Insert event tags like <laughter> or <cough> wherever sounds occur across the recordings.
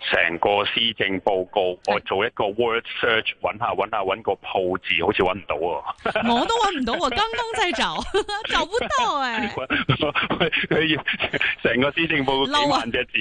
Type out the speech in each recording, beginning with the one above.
成個施政報告，我做一個 Word search，揾下揾下揾個鋪字，好似揾唔到啊！ <laughs> 我都揾唔到，我跟東西走，走不到誒、啊！佢要成個施政報告幾萬隻字，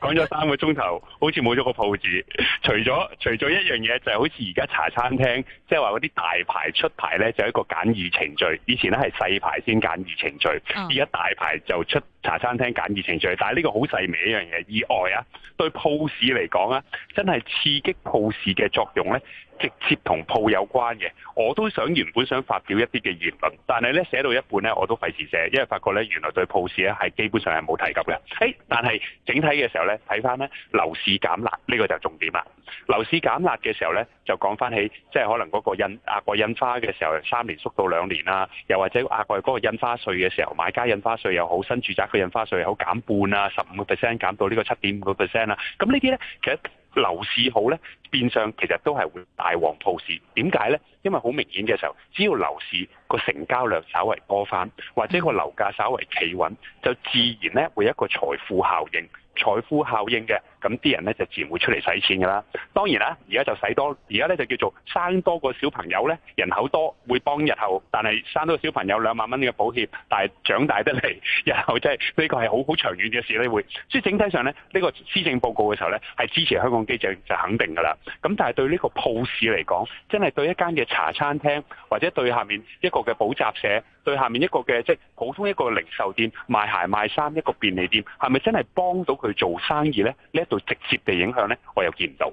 講咗漏、啊、 <laughs> 三個鐘頭，好似冇咗個鋪字。除咗除咗一樣嘢，就係、是、好似而家茶餐廳，即係話嗰啲大牌出牌咧，就係一個簡易程序。以前咧係細牌先簡易程序，而家大牌就出茶餐廳簡易程序。但係呢個好細微一樣嘢以外啊，對。鋪市嚟講啊，真係刺激鋪市嘅作用咧。直接同鋪有關嘅，我都想原本想發表一啲嘅言論，但係咧寫到一半咧，我都費事寫，因為發覺咧原來對鋪市咧係基本上係冇提及嘅。誒、哎，但係整體嘅時候咧，睇翻咧樓市減辣呢、這個就重點啦。樓市減辣嘅時候咧，就講翻起即係、就是、可能嗰個印額外印花嘅時候，三年縮到兩年啦，又或者額外嗰個印花稅嘅時候，買家印花稅又好，新住宅嘅印花稅又好15減半啊，十五個 percent 減到呢個七點五個 percent 啦。咁呢啲咧，其實。樓市好呢，變相其實都係會大旺舖市。點解呢？因為好明顯嘅時候，只要樓市、個成交量稍微多翻，或者個樓價稍微企穩，就自然呢會一個財富效應、財富效應嘅。咁啲人咧就自然會出嚟使錢㗎啦。當然啦，而家就使多，而家咧就叫做生多個小朋友咧，人口多會幫日後。但係生多個小朋友兩萬蚊嘅保險，但係長大得嚟日後即係呢個係好好長遠嘅事咧。你會，所以整體上咧呢個施政報告嘅時候咧係支持香港機制就肯定㗎啦。咁但係對呢個鋪市嚟講，真係對一間嘅茶餐廳或者對下面一個嘅補習社，對下面一個嘅即係普通一個零售店，賣鞋賣衫、一個便利店，係咪真係幫到佢做生意咧？呢直接嘅影響咧，我又見唔到。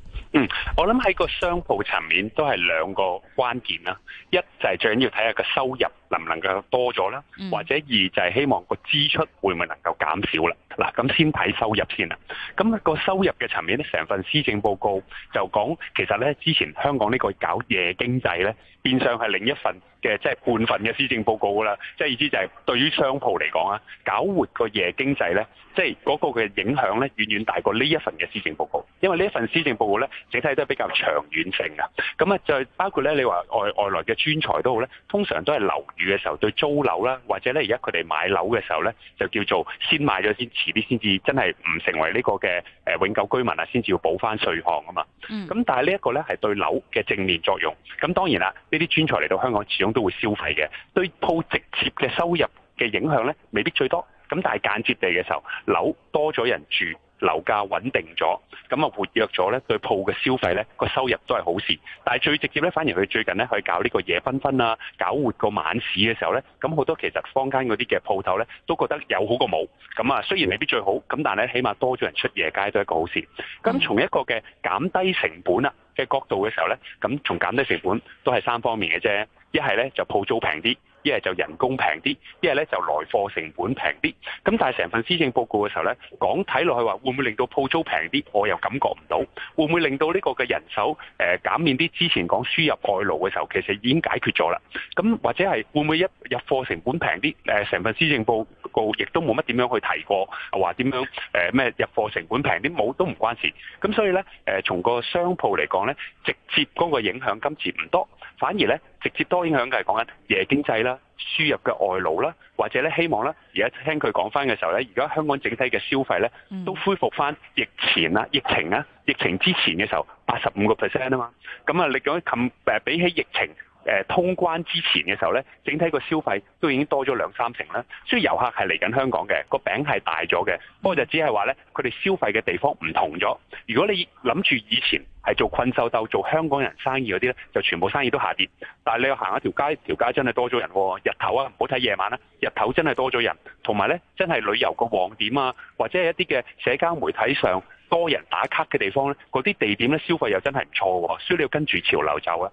嗯，我諗喺個商鋪層面都係兩個關鍵啦，一就係最緊要睇下個收入能唔能夠多咗啦，或者二就係希望個支出會唔會能夠減少啦。嗱，咁先睇收入先啦。咁個收入嘅層面咧，成份施政報告就講其實咧，之前香港呢個搞夜經濟咧，變相係另一份嘅即係半份嘅施政報告噶啦。即係意思就係對於商鋪嚟講啊，搞活個夜經濟咧，即係嗰個嘅影響咧，遠遠大過呢一份嘅施政報告。因為呢一份施政報告咧，整體都係比較長遠性嘅。咁啊，就包括咧，你話外外來嘅專才都好咧，通常都係樓宇嘅時候對租樓啦，或者咧而家佢哋買樓嘅時候咧，就叫做先買咗先。未必先至真係唔成為呢個嘅誒永久居民啊，先至要補翻稅項啊嘛。嗯。咁但係呢一個咧，係對樓嘅正面作用。咁當然啦，呢啲專才嚟到香港始終都會消費嘅，對鋪直接嘅收入嘅影響咧未必最多。咁但係間接地嘅時候，樓多咗人住。樓價穩定咗，咁啊活躍咗呢對鋪嘅消費呢個收入都係好事。但係最直接呢，反而佢最近呢，去搞呢個夜繽紛啊，搞活個晚市嘅時候呢，咁好多其實坊間嗰啲嘅鋪頭呢，都覺得有好過冇。咁啊雖然未必最好，咁但係咧起碼多咗人出夜街都係一個好事。咁從一個嘅減低成本啊，嘅角度嘅時候呢，咁從減低成本都係三方面嘅啫。一係呢，就鋪租平啲。一係就人工平啲，一係咧就來貨成本平啲。咁但係成份施政報告嘅時候咧，講睇落去話會唔會令到鋪租平啲，我又感覺唔到。會唔會令到呢個嘅人手誒減、呃、免啲？之前講輸入外勞嘅時候，其實已經解決咗啦。咁或者係會唔會一入貨成本平啲？成、呃、份施政報告亦都冇乜點樣去提過，話點樣誒咩、呃、入貨成本平啲冇都唔關事。咁所以咧，從、呃、個商鋪嚟講咧，直接嗰個影響今次唔多，反而咧。直接多影響嘅係講緊夜經濟啦、輸入嘅外勞啦，或者咧希望咧，而家聽佢講翻嘅時候咧，而家香港整體嘅消費咧都恢復翻疫情啦、啊、疫情啊、疫情之前嘅時候八十五個 percent 啊嘛，咁啊你講咗近比起疫情、呃、通關之前嘅時候咧，整體個消費都已經多咗兩三成啦，所以遊客係嚟緊香港嘅個餅係大咗嘅，不過就只係話咧佢哋消費嘅地方唔同咗。如果你諗住以前。係做困獸鬥、做香港人生意嗰啲呢就全部生意都下跌。但係你又行一條街，條街真係多咗人，哦。日頭啊，唔好睇夜晚啦、啊，日頭真係多咗人。同埋呢真係旅遊個旺點啊，或者係一啲嘅社交媒體上多人打卡嘅地方呢，嗰啲地點呢消費又真係唔錯。所以你要跟住潮流走啊。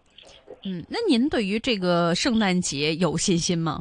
嗯，那您對於這個聖誕節有信心嗎？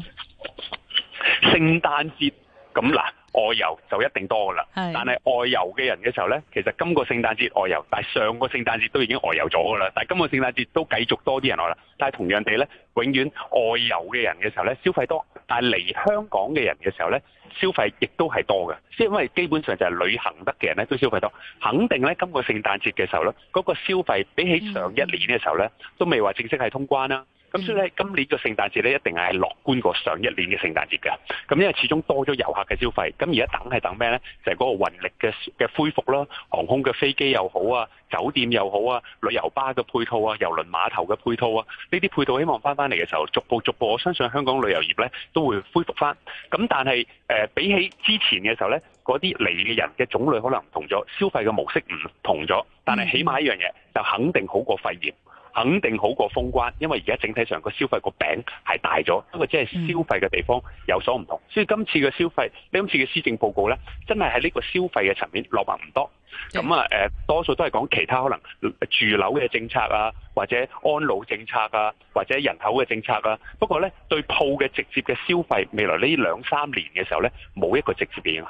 聖誕節咁嗱。外遊就一定多噶啦，係。但係外遊嘅人嘅時候呢，其實今個聖誕節外遊，但係上個聖誕節都已經外遊咗噶啦，但係今個聖誕節都繼續多啲人來啦。但係同樣地呢，永遠外遊嘅人嘅時候呢，消費多，但係嚟香港嘅人嘅時候呢，消費亦都係多嘅，即係因為基本上就係旅行得嘅人呢，都消費多，肯定呢，今個聖誕節嘅時候呢，嗰個消費比起上一年嘅時候呢，嗯。都未話正式係通關啦。咁所以咧，今年嘅聖誕節咧，一定係係樂觀過上一年嘅聖誕節嘅。咁因為始終多咗遊客嘅消費。咁而家等係等咩咧？就係嗰個運力嘅嘅恢復啦，航空嘅飛機又好啊，酒店又好啊，旅遊巴嘅配套啊，郵輪碼頭嘅配套啊，呢啲配套希望翻翻嚟嘅時候，逐步逐步，我相信香港旅遊業咧都會恢復翻。咁但係誒、呃，比起之前嘅時候咧，嗰啲嚟嘅人嘅種類可能唔同咗，消費嘅模式唔同咗。但係起碼一樣嘢就肯定好過肺炎。肯定好過封關，因為而家整體上個消費個餅係大咗，不過只係消費嘅地方有所唔同。嗯、所以今次嘅消費，呢次嘅施政報告呢，真係喺呢個消費嘅層面落墨唔多。咁啊、呃，多數都係講其他可能住樓嘅政策啊，或者安老政策啊，或者人口嘅政策啊。不過呢，對鋪嘅直接嘅消費，未來呢兩三年嘅時候呢，冇一個直接嘅影響。.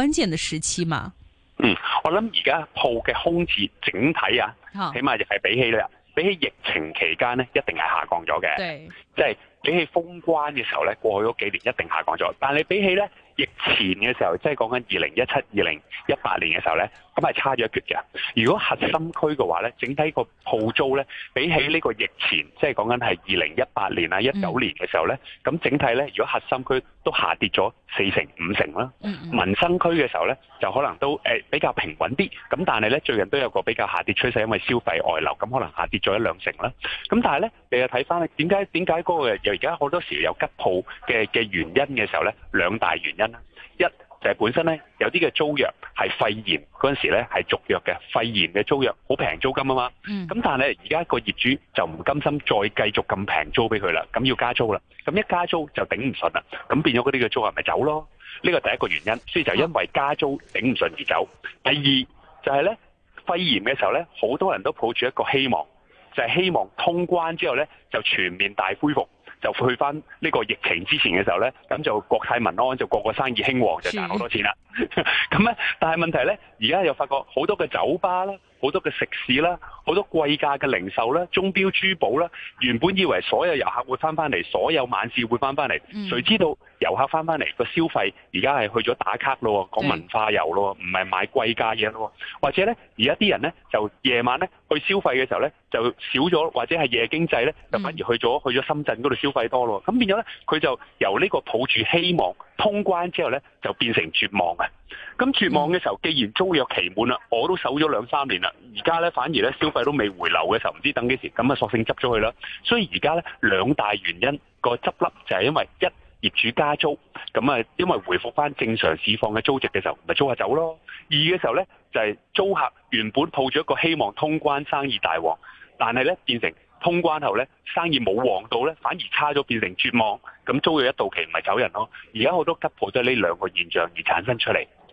關鍵嘅時期嘛？嗯，我諗而家鋪嘅空置整體啊，起碼亦係比起咧，比起疫情期間咧，一定係下降咗嘅。即係對比起封關嘅時候咧，過去嗰幾年一定下降咗。但係你比起咧，疫前嘅時候，即係講緊二零一七、二零一八年嘅時候咧。咁係差咗一橛嘅。如果核心區嘅話咧，整體個鋪租咧，比起呢個疫前，即係講緊係二零一八年啊、一九年嘅時候咧，咁整體咧，如果核心區都下跌咗四成五成啦。民生區嘅時候咧，就可能都誒比較平穩啲。咁但係咧，最近都有個比較下跌趨勢，因為消費外流，咁可能下跌咗一兩成啦。咁但係咧，你又睇返咧，點解點解嗰個又而家好多時有吉鋪嘅嘅原因嘅時候咧，兩大原因啦，一。就係本身咧，有啲嘅租約係肺炎嗰陣時咧，係續約嘅肺炎嘅租約，好平租金啊嘛。咁、嗯、但係而家個業主就唔甘心再繼續咁平租俾佢啦，咁要加租啦。咁一加租就頂唔順啦，咁變咗嗰啲嘅租客咪走咯。呢個第一個原因，所以就因為加租頂唔順而走。第二就係、是、咧肺炎嘅時候咧，好多人都抱住一個希望，就係、是、希望通關之後咧就全面大恢復。就去翻呢個疫情之前嘅時候咧，咁就國泰民安，就個個生意興旺，就賺好多錢啦。咁咧，但係問題咧，而家又發覺好多嘅酒吧啦。好多嘅食肆啦，好多貴價嘅零售啦，鐘錶珠寶啦，原本以為所有遊客會返返嚟，所有晚市會返返嚟，誰知道遊客返返嚟個消費而家係去咗打卡咯，講文化遊咯，唔係買貴價嘢咯，或者呢，而家啲人呢，就夜晚呢去消費嘅時候呢，就少咗，或者係夜經濟呢，就反而去咗去咗深圳嗰度消費多咯，咁變咗呢，佢就由呢個抱住希望。通關之後呢，就變成絕望嘅。咁絕望嘅時候，既然租約期滿啦，我都守咗兩三年啦，而家呢，反而呢，消費都未回流嘅時候，唔知等幾時，咁啊索性執咗佢啦。所以而家呢，兩大原因個執笠就係因為一業主加租，咁啊因為回復翻正常市況嘅租值嘅時候，咪租下走咯。二嘅時候呢，就係、是、租客原本抱住一個希望通關生意大旺，但係呢變成。通關後咧生意冇旺到咧，反而差咗變成絕望，咁租約一到期唔係走人咯。而家好多吉舖都係呢兩個現象而產生出嚟。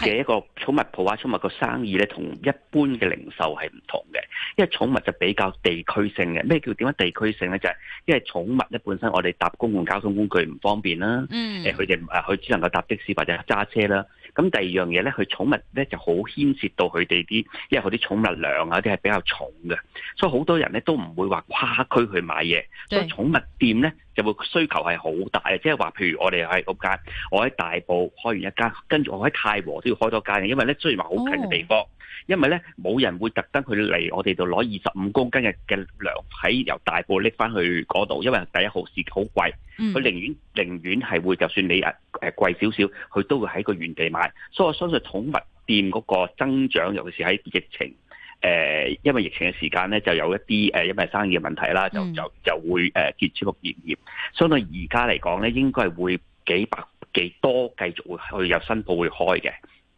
嘅一個寵物鋪啊，寵物個生意咧同一般嘅零售係唔同嘅，因為寵物就比較地區性嘅。咩叫點樣地區性咧？就係因為寵物咧本身，我哋搭公共交通工具唔方便啦。佢哋佢只能夠搭的士或者揸車啦。咁第二樣嘢咧，佢寵物咧就好牽涉到佢哋啲，因為佢啲寵物糧啊啲係比較重嘅，所以好多人咧都唔會話跨區去買嘢，所以對寵物店咧就會需求係好大嘅，即係話，譬如我哋喺嗰間，我喺大埔開完一間，跟住我喺太和都要開多間，因為咧雖然話好近嘅地方。哦因為咧冇人會特登去嚟我哋度攞二十五公斤嘅嘅糧喺由大埔搦翻去嗰度，因為第一號市好貴，佢寧願寧願係會就算你誒貴少少，佢、呃、都會喺個原地買。所以我相信寵物店嗰個增長，尤其是喺疫情誒、呃，因為疫情嘅時間咧就有一啲誒、呃、因為生意嘅問題啦，就就就會誒、呃、結支落業業。相對而家嚟講咧，應該係會幾百幾，百幾百多繼續去，去有新鋪會開嘅，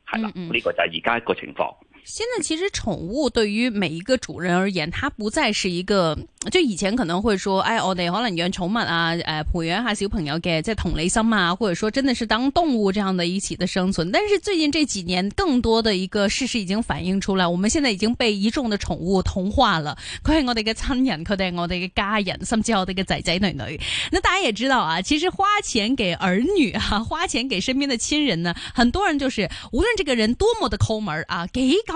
係啦，呢、嗯嗯、個就係而家一個情況。現在其實寵物對於每一個主人而言，它不再是一個，就以前可能會說，哎，我哋可能，養寵物啊，誒，培養下小朋友嘅，即係同理心啊，或者說真的是當動物這樣的一起的生存。但是最近這幾年，更多的一個事實已經反映出來，我們現在已經被一眾的寵物同化了。佢係我哋嘅親人，佢哋係我哋嘅家人，甚至係我哋嘅仔仔女女。那大家也知道啊，其實花錢給兒女啊，花錢給身邊的親人呢，很多人就是無論這個人多麼的摳門啊，給搞。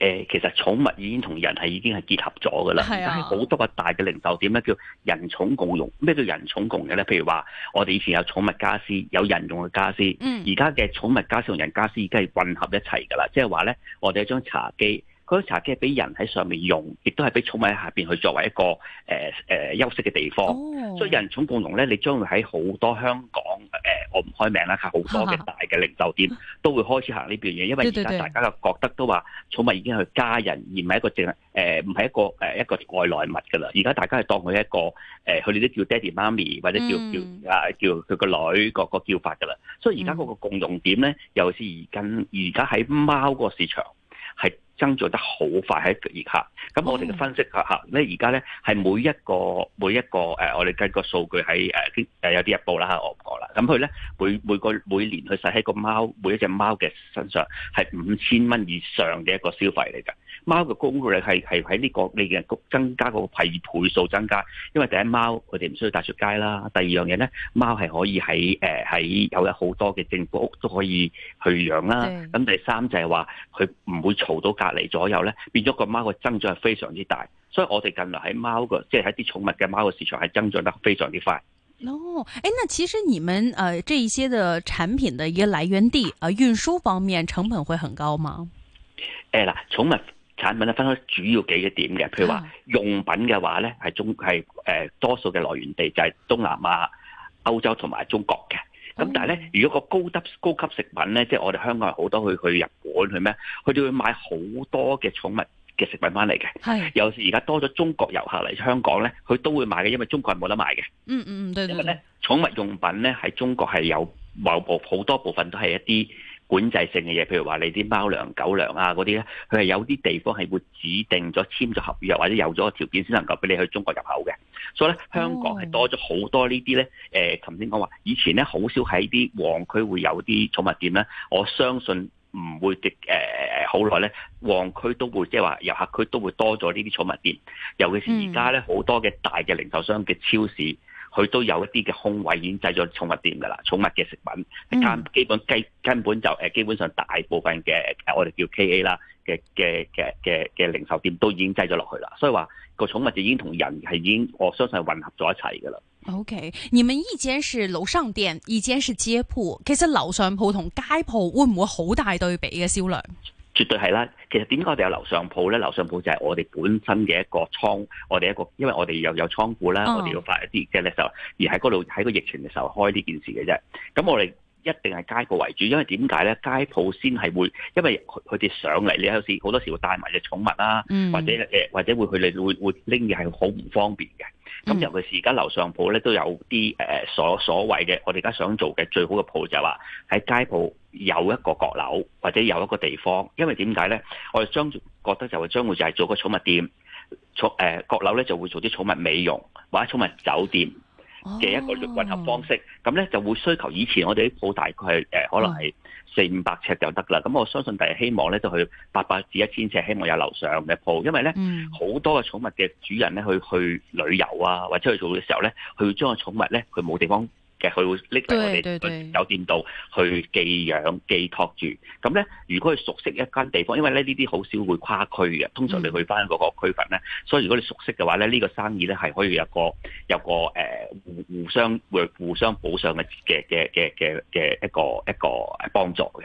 誒、呃，其實寵物已經同人係已經係結合咗噶啦，而家好多個大嘅零售點咧叫人寵共用，咩叫人寵共用咧？譬如話，我哋以前有寵物家私，有人用嘅家私，而家嘅寵物家私同人家私已經係混合一齊噶啦，即係話咧，我哋一張茶幾。嗰茶几係俾人喺上面用，亦都係俾寵物喺下邊去作為一個誒誒、呃呃、休息嘅地方。Oh. 所以人寵共用咧，你將會喺好多香港誒、呃，我唔開名啦，係好多嘅大嘅零售店 <laughs> 都會開始行呢邊嘢。因為而家大家嘅覺得都話寵物已經係家人，而唔係一個正誒，唔、呃、係一個誒、呃、一個外來物㗎啦。而家大家係當佢一個誒，佢、呃、哋都叫爹哋媽咪，或者叫、mm. 叫啊叫佢個女個、嗰個叫法㗎啦。所以而家嗰個共用點咧，尤其是而家而家喺貓嗰個市場。係增長得好快，喺一個咁我哋嘅分析下嚇咧，而家咧係每一個每一個誒、呃，我哋根個數據喺誒誒有啲日報啦，我唔講啦。咁佢咧每每個每年佢使喺個貓每一隻貓嘅身上係五千蚊以上嘅一個消費嚟㗎。貓嘅工具係係喺呢個你嘅增加個倍倍數增加，因為第一貓佢哋唔需要帶出街啦，第二樣嘢咧貓係可以係誒喺有有好多嘅政府屋都可以去養啦。咁對第三就係話佢唔會嘈到隔籬左右咧，變咗個貓嘅增長係非常之大，所以我哋近來喺貓嘅即係喺啲寵物嘅貓嘅市場係增長得非常之快。哦，誒，那其實你們誒這一些嘅產品嘅一來源地啊，運輸方面成本會很高嗎？誒啦、哎，寵物。產品咧分開主要幾個點嘅，譬如話用品嘅話咧，係中係誒、呃、多數嘅來源地就係東南亞、歐洲同埋中國嘅。咁但係咧，如果個高級高級食品咧，即係我哋香港係好多去去日本去咩，佢哋會買好多嘅寵物嘅食品翻嚟嘅。係是，尤其是而家多咗中國遊客嚟香港咧，佢都會買嘅，因為中國係冇得賣嘅。嗯嗯，對對，對。因為咧，寵物用品咧喺中國係有某部好多部分都係一啲，管制性嘅嘢，譬如話你啲貓糧、狗糧啊嗰啲咧，佢係有啲地方係會指定咗簽咗合約或者有咗個條件先能夠俾你去中國入口嘅。所以咧，香港係多咗好多呢啲咧。誒、oh. 呃，頭先講話以前咧好少喺啲旺區會有啲寵物店咧，我相信唔會跌誒好耐咧，旺、呃、區都會即係話遊客區都會多咗呢啲寵物店，尤其是而家咧好多嘅大嘅零售商嘅超市，佢都有一啲嘅空位，已經製咗寵物店噶啦，寵物嘅食品，啱基本基根本就誒基本上大部分嘅我哋叫 KA 啦嘅嘅嘅嘅嘅零售店都已經製咗落去啦，所以話個寵物就已經同人係已經我相信係混合咗一齊噶啦。OK，而咪依間係樓上店，依間係街鋪，其實樓上鋪同街鋪會唔會好大對比嘅銷量？絕對係啦，其實點解我哋有樓上鋪咧？樓上鋪就係我哋本身嘅一個倉，我哋一個，因為我哋又有，有倉庫啦。Oh. 我哋要發一啲即係咧就而喺嗰度喺個疫情嘅時候開呢件事嘅啫。咁我哋一定係街鋪為主，因為點解咧？街鋪先係會，因為佢哋上嚟你有時好多時會帶埋隻寵物啦、mm.，或者誒或者會佢哋會會拎嘢係好唔方便嘅。咁尤其是而家樓上鋪咧都有啲誒所所謂嘅，我哋而家想做嘅最好嘅鋪就係話喺街鋪。有一個閣樓或者有一個地方，因為點解咧？我哋將覺得就會將會就係做個寵物店，寵誒閣樓咧就會做啲寵物美容或者寵物酒店嘅一個混合方式。咁咧、oh, yes , yes. 就會需求以前我哋啲鋪大概誒、呃、可能係四五百尺就得啦。咁、mm. 我相信第日希望咧就去八百至一千尺，希望有樓上嘅鋪，因為咧好、mm. 多嘅寵物嘅主人咧去去旅遊啊，或者去做嘅時候咧，佢將個寵物咧佢冇地方。嘅佢會拎嚟我哋酒店度去寄養寄託住，咁咧如果佢熟悉一間地方，因為咧呢啲好少會跨區嘅，通常你去翻嗰個區份咧，嗯、所以如果你熟悉嘅話咧，呢、呢個生意咧係可以有個有個誒互、呃、互相會互相補上嘅嘅嘅嘅嘅一個一個幫助嘅。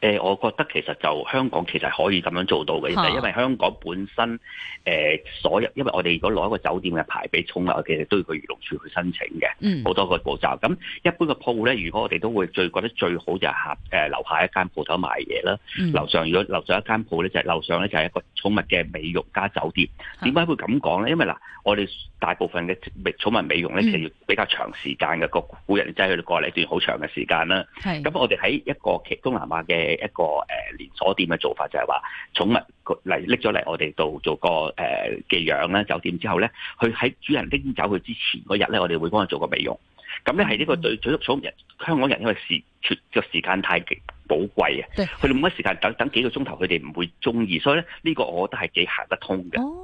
誒、呃，我覺得其實就香港其實可以咁樣做到嘅，因為因為香港本身誒、呃，所有因為我哋如果攞一個酒店嘅牌俾寵物，其實都要去漁農處去申請嘅，好、嗯、多個步驟。咁一般嘅鋪咧，如果我哋都會最覺得最好就係誒樓下一間鋪頭賣嘢啦。樓、嗯、上如果樓上一間鋪咧，就係、是、樓上咧就係一個寵物嘅美容加酒店。點解、嗯、會咁講咧？因為嗱，我哋大部分嘅寵物美容咧，其實要、嗯、比較長時間嘅、嗯、個古人真係佢哋過嚟一段好長嘅時間啦。咁是我哋喺一個東南亞嘅。一個誒連鎖店嘅做法就係話，寵物嚟拎咗嚟我哋度做個誒寄養啦，呃、酒店之後咧，佢喺主人拎走佢之前嗰日咧，我哋會幫佢做個美容。咁咧係呢個對，對寵人，香港人因為時個時間太寶貴啊，佢哋冇乜時間等等幾個鐘頭，佢哋唔會中意，所以咧呢個我覺得係幾行得通嘅。哦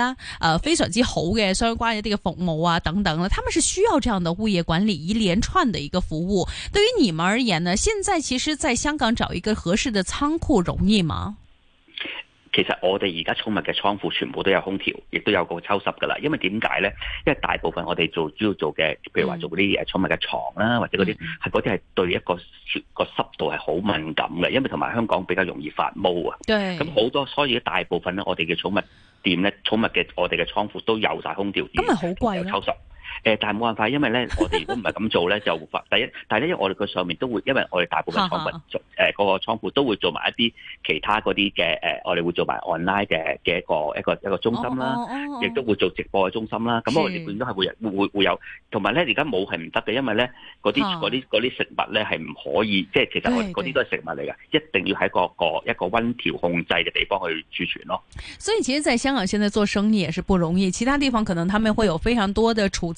啊、呃，非常之好嘅，相關一啲嘅服務啊等等啦，他們是需要這樣的物業管理一連串的一個服務。對於你們而言呢，現在其實在香港找一個合適的倉庫容易嗎？其實我哋而家寵物嘅倉庫全部都有空調，亦都有個抽濕噶啦。因為點解呢？因為大部分我哋做主要做嘅，譬如話做嗰啲誒寵物嘅床啦，或者嗰啲係嗰啲係對一個濕、嗰個濕度係好敏感嘅，因為同埋香港比較容易發毛啊。對，咁好多，所以大部分咧，我哋嘅寵物店呢，寵物嘅我哋嘅倉庫都有曬空調，咁咪好貴咯。誒，但係冇辦法，因為咧，我哋如果唔係咁做咧， <laughs> 就第一，但係咧，因為我哋個上面都會，因為我哋大部分倉庫誒，嗰、 <laughs> 呃、個倉庫都會做埋一啲其他嗰啲嘅誒，我哋會做埋 online 嘅嘅一個一個一個中心啦，亦 <laughs> 都會做直播嘅中心啦。咁 <laughs> 我哋本咗係會會會，會有，同埋咧，而家冇係唔得嘅，因為咧嗰啲啲啲食物咧係唔可以，即係其實我嗰啲都係食物嚟嘅，一定要喺個個一個溫調控制嘅地方去儲存咯。所以其實在香港現在做生意也是不容易，其他地方可能他們會有非常多的儲。